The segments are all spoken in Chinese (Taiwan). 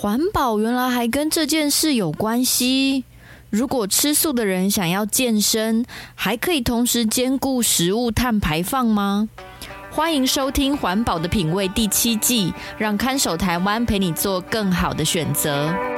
環保原來還跟這件事有關係。如果吃素的人想要健身，還可以同時兼顧食物碳排放嗎？歡迎收聽《環保的品味》第七季，讓看守台灣陪你做更好的選擇。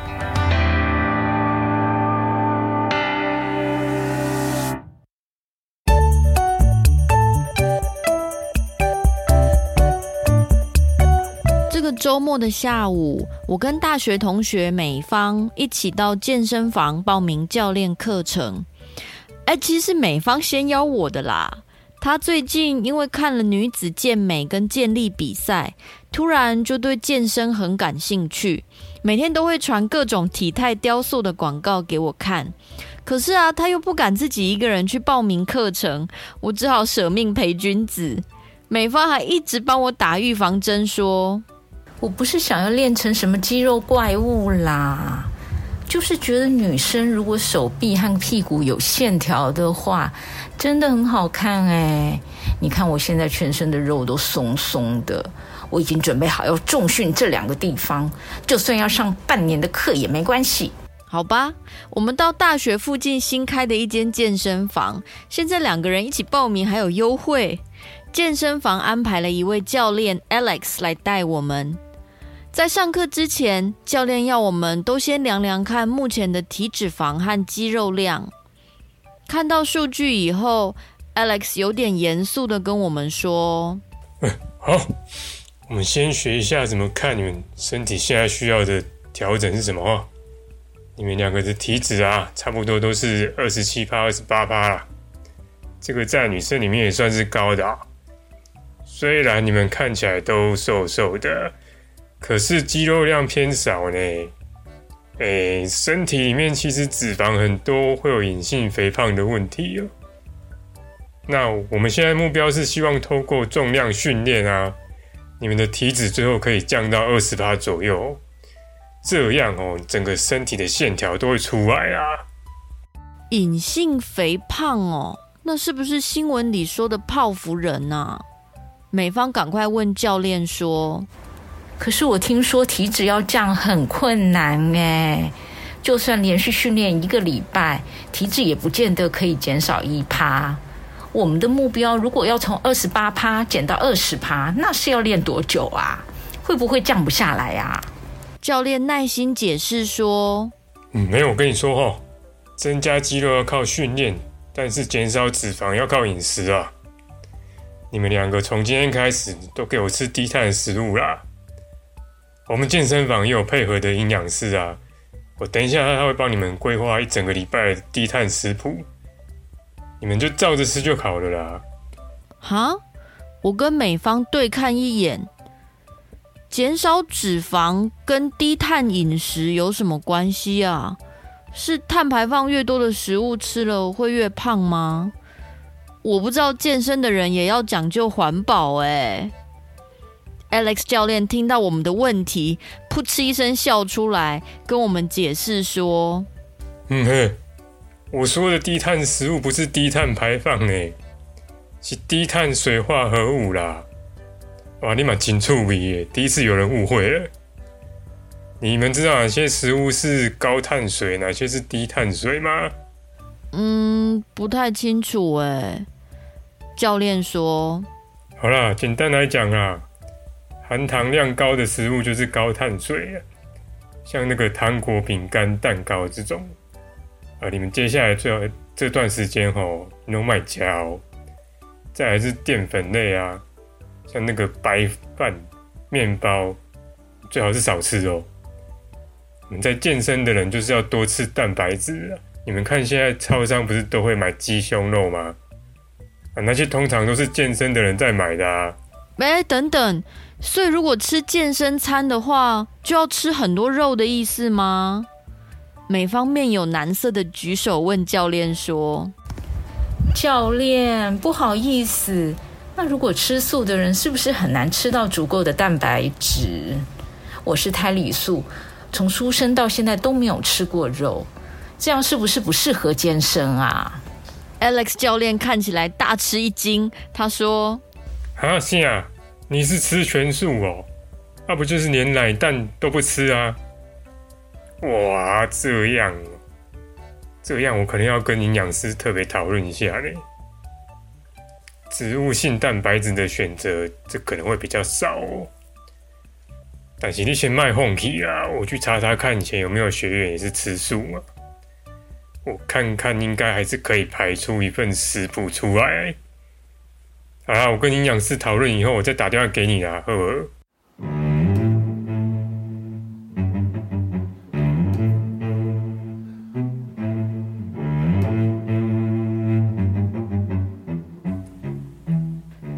週末的下午，我跟大學同學美芳一起到健身房報名教練課程。哎、欸，其實美芳先邀我的啦。她最近因為看了女子健美跟健力比賽，突然就對健身很感興趣，每天都會傳各種體態雕塑的廣告給我看。可是啊，她又不敢自己一個人去報名課程，我只好捨命陪君子。美芳還一直幫我打預防針，說。我不是想要練成什麼肌肉怪物啦，就是覺得女生如果手臂和屁股有線條的話，真的很好看欸。你看我現在全身的肉都鬆鬆的，我已經準備好要重訓這兩個地方，就算要上半年的課也沒關係，好吧？我們到大學附近新開的一間健身房，現在兩個人一起報名還有優惠。健身房安排了一位教練 Alex 來帶我們。在上課之前，教練要我們都先量量看目前的體脂肪和肌肉量。看到數據以後，Alex 有點嚴肅地跟我們說，哎：“好，我們先學一下怎麼看你們身體現在需要的調整是什麼。你們兩個的體脂啊，差不多都是二十七趴、二十八趴啦。這個在女生裡面也算是高的啊。雖然你們看起來都瘦瘦的。”可是肌肉量偏少呢，誒、欸，身體裡面其實脂肪很多，會有隱性肥胖的問題哦。那我們現在目標是希望透過重量訓練啊，你們的體脂最後可以降到二十八左右，這樣哦，整個身體的線條都會出來啊。隱性肥胖哦，那是不是新聞裡說的泡芙人啊？美方趕快問教練說。可是我聽說體脂要降很困難哎、欸，就算連續訓練一個禮拜，體脂也不見得可以減少一趴。我們的目標如果要從二十八趴減到二十趴，那是要練多久啊？會不會降不下來啊？教練耐心解釋說：“嗯，沒有，我跟你說哦，增加肌肉要靠訓練，但是減少脂肪要靠飲食啊。你們兩個從今天開始都給我吃低碳食物啦。”我們健身房也有配合的營養師啊，我等一下他會幫你們規劃一整個禮拜的低碳食譜，你們就照着吃就好了啦。哈、啊，我跟美方對看一眼，減少脂肪跟低碳飲食有什麼關係啊？是碳排放越多的食物吃了會越胖嗎？我不知道健身的人也要講究環保哎、欸。Alex 教練聽到我們的問題，噗嗤一聲笑出來，跟我們解釋說：“嗯哼，我說的低碳食物不是低碳排放誒，是低碳水化合物啦。哇、啊，你蠻清楚的耶，第一次有人誤會了。你們知道哪些食物是高碳水，哪些是低碳水嗎？”嗯，不太清楚誒。教練說：“好啦，簡單來講啦。”含糖量高的食物就是高碳水啊，像那個糖果、餅乾、蛋糕這種啊。你們接下來最好這段時間吼、哦，不用買加哦。再來是澱粉類啊，像那個白飯、麵包，最好是少吃哦。你們在健身的人就是要多吃蛋白質啊。你們看現在超商不是都會買雞胸肉嗎？啊，那些通常都是健身的人在買的啊。哎，等等，所以如果吃健身餐的話，就要吃很多肉的意思嗎？每方面有難色的舉手問教練說：“教練，不好意思，那如果吃素的人是不是很難吃到足夠的蛋白質？我是胎裡素，從出生到現在都沒有吃過肉，這樣是不是不適合健身啊？”Alex 教練看起來大吃一驚，他說。啊，是啊，你是吃全素哦？那、啊、不就是連奶蛋都不吃啊？哇，這樣，這樣我可能要跟營養師特別討論一下嘞。植物性蛋白質的選擇，這可能會比較少哦。但是你先別放棄啊，我去查查看以前有沒有學員也是吃素嘛，我看看應該還是可以排出一份食譜出來。好啦，我跟營養師討論以後，我再打電話給你啦。好，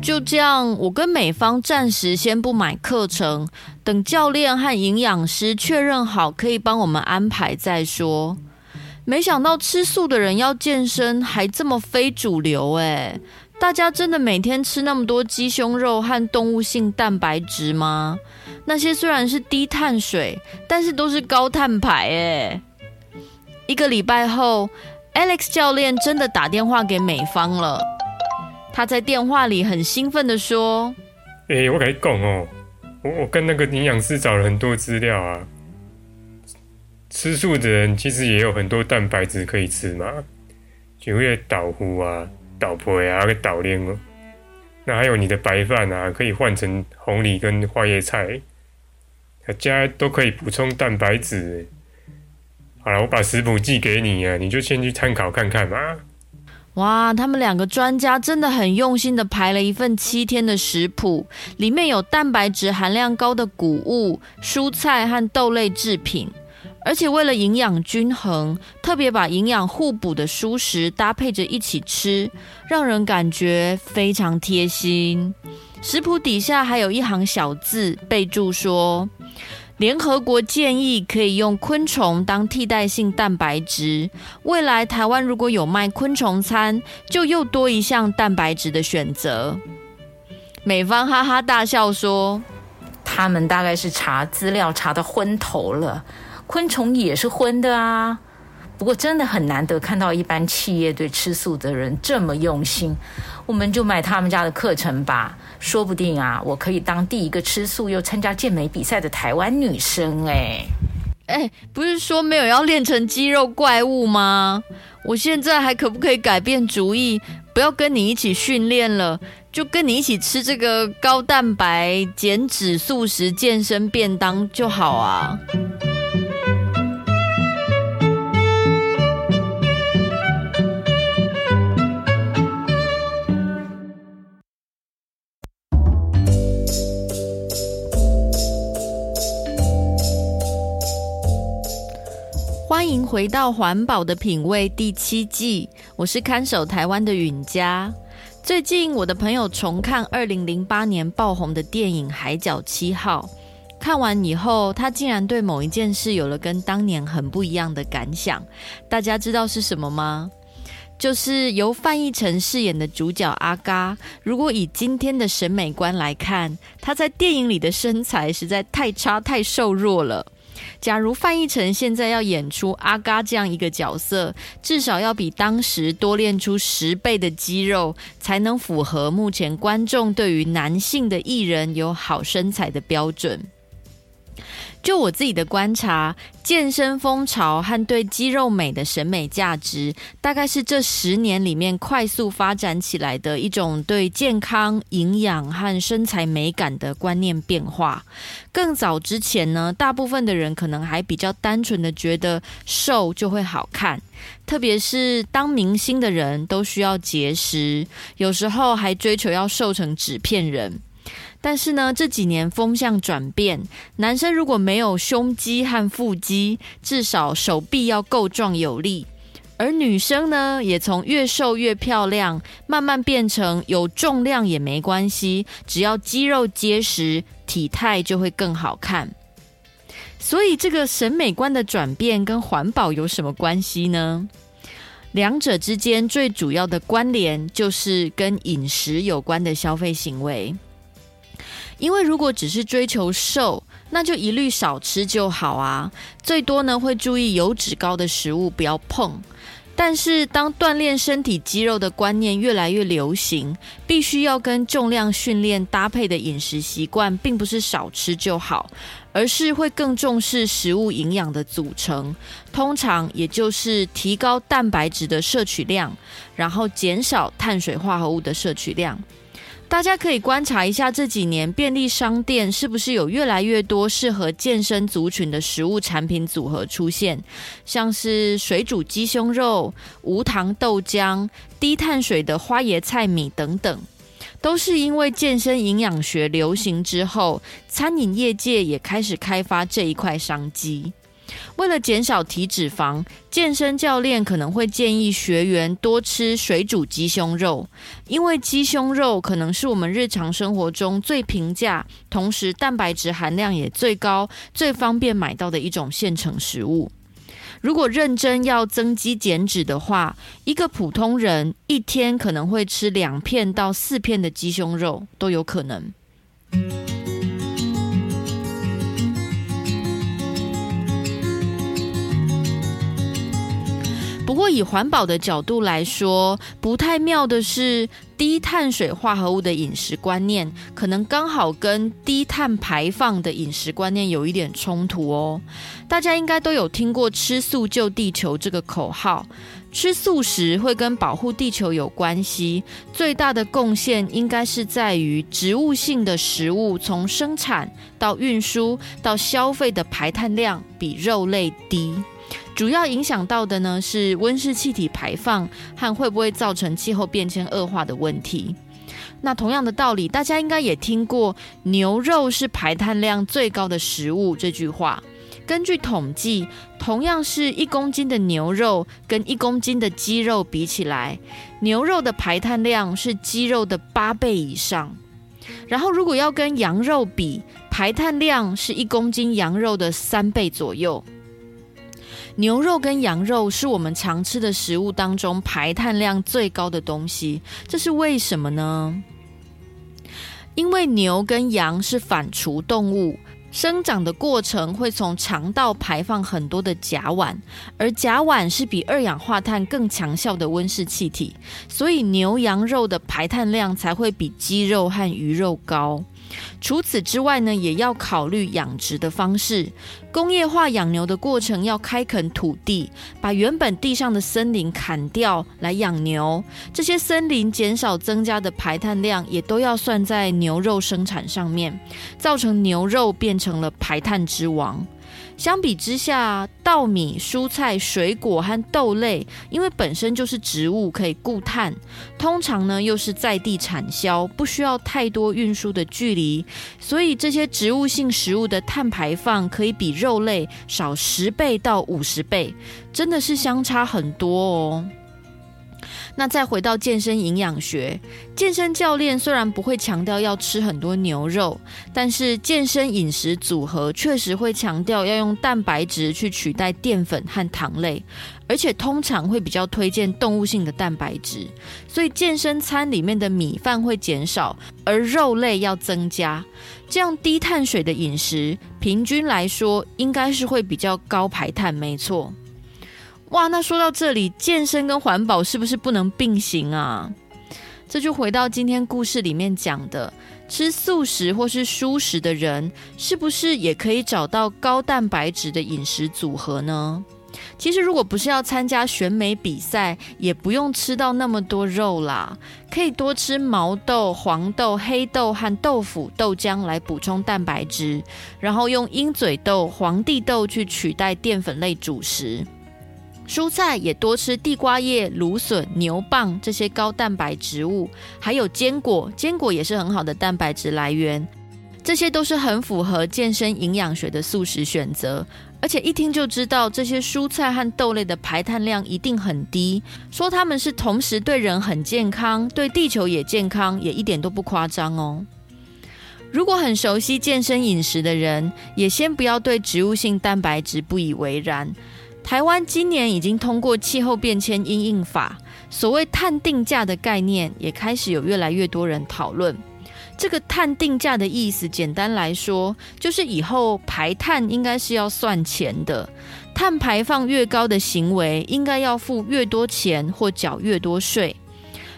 就這樣，我跟美方暫時先不買課程，等教練和營養師確認好可以幫我們安排再說。沒想到吃素的人要健身還這麼非主流、欸，哎。大家真的每天吃那麼多雞胸肉和動物性蛋白質嗎？那些雖然是低碳水，但是都是高碳排誒。一個禮拜後，Alex 教練真的打電話給美方了。他在電話裡很興奮的說：“誒、欸，我跟你講哦，我我跟那個營養師找了很多資料啊。吃素的人其實也有很多蛋白質可以吃嘛，就會倒呼啊。”老婆呀，去倒鏈哦。那還有你的白飯啊，可以換成紅藜跟花椰菜，大家都可以補充蛋白質。好了，我把食譜寄給你啊，你就先去參考看看嘛。哇，他們兩個專家真的很用心的排了一份七天的食譜，裡面有蛋白質含量高的穀物、蔬菜和豆類製品。而且為了營養均衡，特別把營養互補的蔬食搭配着一起吃，讓人感覺非常貼心。食譜底下還有一行小字備註說，聯合國建議可以用昆蟲當替代性蛋白質。未來台灣如果有賣昆蟲餐，就又多一項蛋白質的選擇。美方哈哈大笑說，他們大概是查資料查得昏頭了。昆蟲也是葷的啊，不過真的很難得看到一般企業對吃素的人這麼用心。我們就買他們家的課程吧，說不定啊，我可以當第一個吃素又參加健美比賽的台灣女生哎！欸，不是說沒有要練成肌肉怪物嗎？我現在還可不可以改變主意，不要跟你一起訓練了，就跟你一起吃這個高蛋白減脂素食健身便當就好啊？歡迎回到《環保的品味》第七季，我是看守台灣的允嘉。最近我的朋友重看二零零八年爆紅的電影《海角七號》，看完以後，他竟然對某一件事有了跟當年很不一樣的感想。大家知道是什麼嗎？就是由范逸臣飾演的主角阿嘎，如果以今天的審美觀來看，他在電影裡的身材實在太差、太瘦弱了。假如范逸臣現在要演出阿嘎這樣一個角色，至少要比當時多練出十倍的肌肉，才能符合目前觀眾對於男性的藝人有好身材的標準。就我自己的觀察，健身風潮和對肌肉美的審美價值，大概是這十年裡面快速發展起來的一種對健康、營養和身材美感的觀念變化。更早之前呢，大部分的人可能還比較單純的覺得瘦就會好看，特別是當明星的人都需要節食，有時候還追求要瘦成紙片人。但是呢，這幾年風向轉變，男生如果沒有胸肌和腹肌，至少手臂要夠壯有力；而女生呢，也從越瘦越漂亮，慢慢變成有重量也沒關係，只要肌肉結實，體態就會更好看。所以，這個審美觀的轉變跟環保有什麼關係呢？兩者之間最主要的關聯就是跟飲食有關的消費行為。因為如果只是追求瘦，那就一律少吃就好啊。最多呢，會注意油脂高的食物不要碰。但是，當鍛鍊身體肌肉的觀念越來越流行，必須要跟重量訓練搭配的飲食習慣，並不是少吃就好，而是會更重視食物營養的組成。通常也就是提高蛋白質的攝取量，然後減少碳水化合物的攝取量。大家可以觀察一下這幾年便利商店是不是有越來越多適合健身族群的食物產品組合出現，像是水煮雞胸肉、無糖豆漿、低碳水的花椰菜米等等，都是因為健身營養學流行之後，餐飲業界也開始開發這一塊商機。為了減少體脂肪，健身教練可能會建議學員多吃水煮雞胸肉，因為雞胸肉可能是我們日常生活中最平價，同時蛋白質含量也最高、最方便買到的一種現成食物。如果認真要增肌減脂的話，一個普通人一天可能會吃兩片到四片的雞胸肉都有可能。不過，以環保的角度來說，不太妙的是，低碳水化合物的飲食觀念，可能剛好跟低碳排放的飲食觀念有一點衝突哦。大家應該都有聽過“吃素救地球”這個口號，吃素食會跟保護地球有關係。最大的貢獻應該是在於植物性的食物，從生產到運輸到消費的排碳量比肉類低。主要影響到的呢是溫室氣體排放和會不會造成氣候變遷惡化的問題。那同樣的道理，大家應該也聽過“牛肉是排碳量最高的食物”這句話。根據統計，同樣是一公斤的牛肉跟一公斤的雞肉比起來，牛肉的排碳量是雞肉的八倍以上。然後，如果要跟羊肉比，排碳量是一公斤羊肉的三倍左右。牛肉跟羊肉是我們常吃的食物當中排碳量最高的東西，這是為什麼呢？因為牛跟羊是反芻動物，生長的過程會從腸道排放很多的甲烷，而甲烷是比二氧化碳更強效的溫室氣體，所以牛羊肉的排碳量才會比雞肉和魚肉高。除此之外呢，也要考慮養殖的方式。工業化養牛的過程要開墾土地，把原本地上的森林砍掉來養牛。這些森林減少增加的排碳量也都要算在牛肉生產上面，造成牛肉變成了排碳之王。相比之下，稻米、蔬菜、水果和豆類，因為本身就是植物，可以固碳；通常呢，又是在地產銷，不需要太多運輸的距離，所以這些植物性食物的碳排放可以比肉類少十倍到五十倍，真的是相差很多哦。那再回到健身營養學，健身教練雖然不會強調要吃很多牛肉，但是健身飲食組合確實會強調要用蛋白質去取代澱粉和糖類，而且通常會比較推薦動物性的蛋白質，所以健身餐裡面的米飯會減少，而肉類要增加。這樣低碳水的飲食，平均來說應該是會比較高排碳，沒錯。哇，那說到這裡，健身跟環保是不是不能並行啊？這就回到今天故事裡面講的，吃素食或是蔬食的人，是不是也可以找到高蛋白質的飲食組合呢？其實，如果不是要參加選美比賽，也不用吃到那麼多肉啦，可以多吃毛豆、黃豆、黑豆和豆腐、豆漿來補充蛋白質，然後用鷹嘴豆、皇帝豆去取代澱粉類主食。蔬菜也多吃地瓜葉、蘆筍、牛蒡這些高蛋白植物，還有堅果。堅果也是很好的蛋白質來源。這些都是很符合健身營養學的素食選擇，而且一聽就知道這些蔬菜和豆類的排碳量一定很低。說他們是同時對人很健康、對地球也健康，也一點都不誇張哦。如果很熟悉健身飲食的人，也先不要對植物性蛋白質不以為然。台灣今年已經通過氣候變遷因應法，所謂碳定價的概念也開始有越來越多人討論。這個碳定價的意思，簡單來說，就是以後排碳應該是要算錢的，碳排放越高的行為，應該要付越多錢或繳越多稅。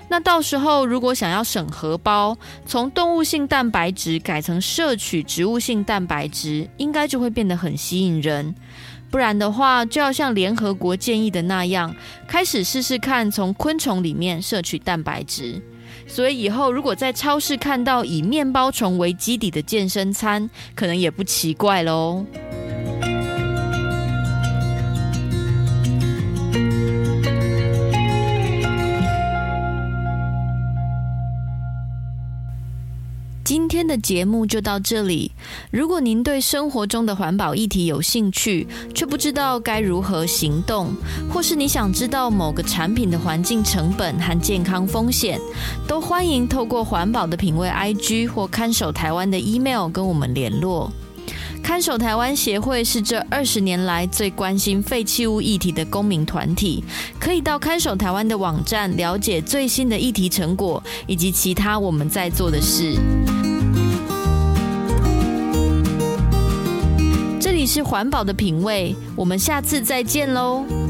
那到時候如果想要省荷包，從動物性蛋白質改成攝取植物性蛋白質，應該就會變得很吸引人。不然的話，就要像聯合國建議的那樣，開始試試看從昆蟲裡面攝取蛋白質。所以以後如果在超市看到以麵包蟲為基底的健身餐，可能也不奇怪嘍。節目就到這裡。如果您對生活中的環保議題有興趣，卻不知道該如何行動，或是你想知道某個產品的環境成本和健康風險，都歡迎透過環保的品味 IG 或看守台灣的 email 跟我們聯絡。看守台灣協會是這二十年來最關心廢棄物議題的公民團體，可以到看守台灣的網站了解最新的議題成果以及其他我們在做的事。是環保的品味，我們下次再見嘍。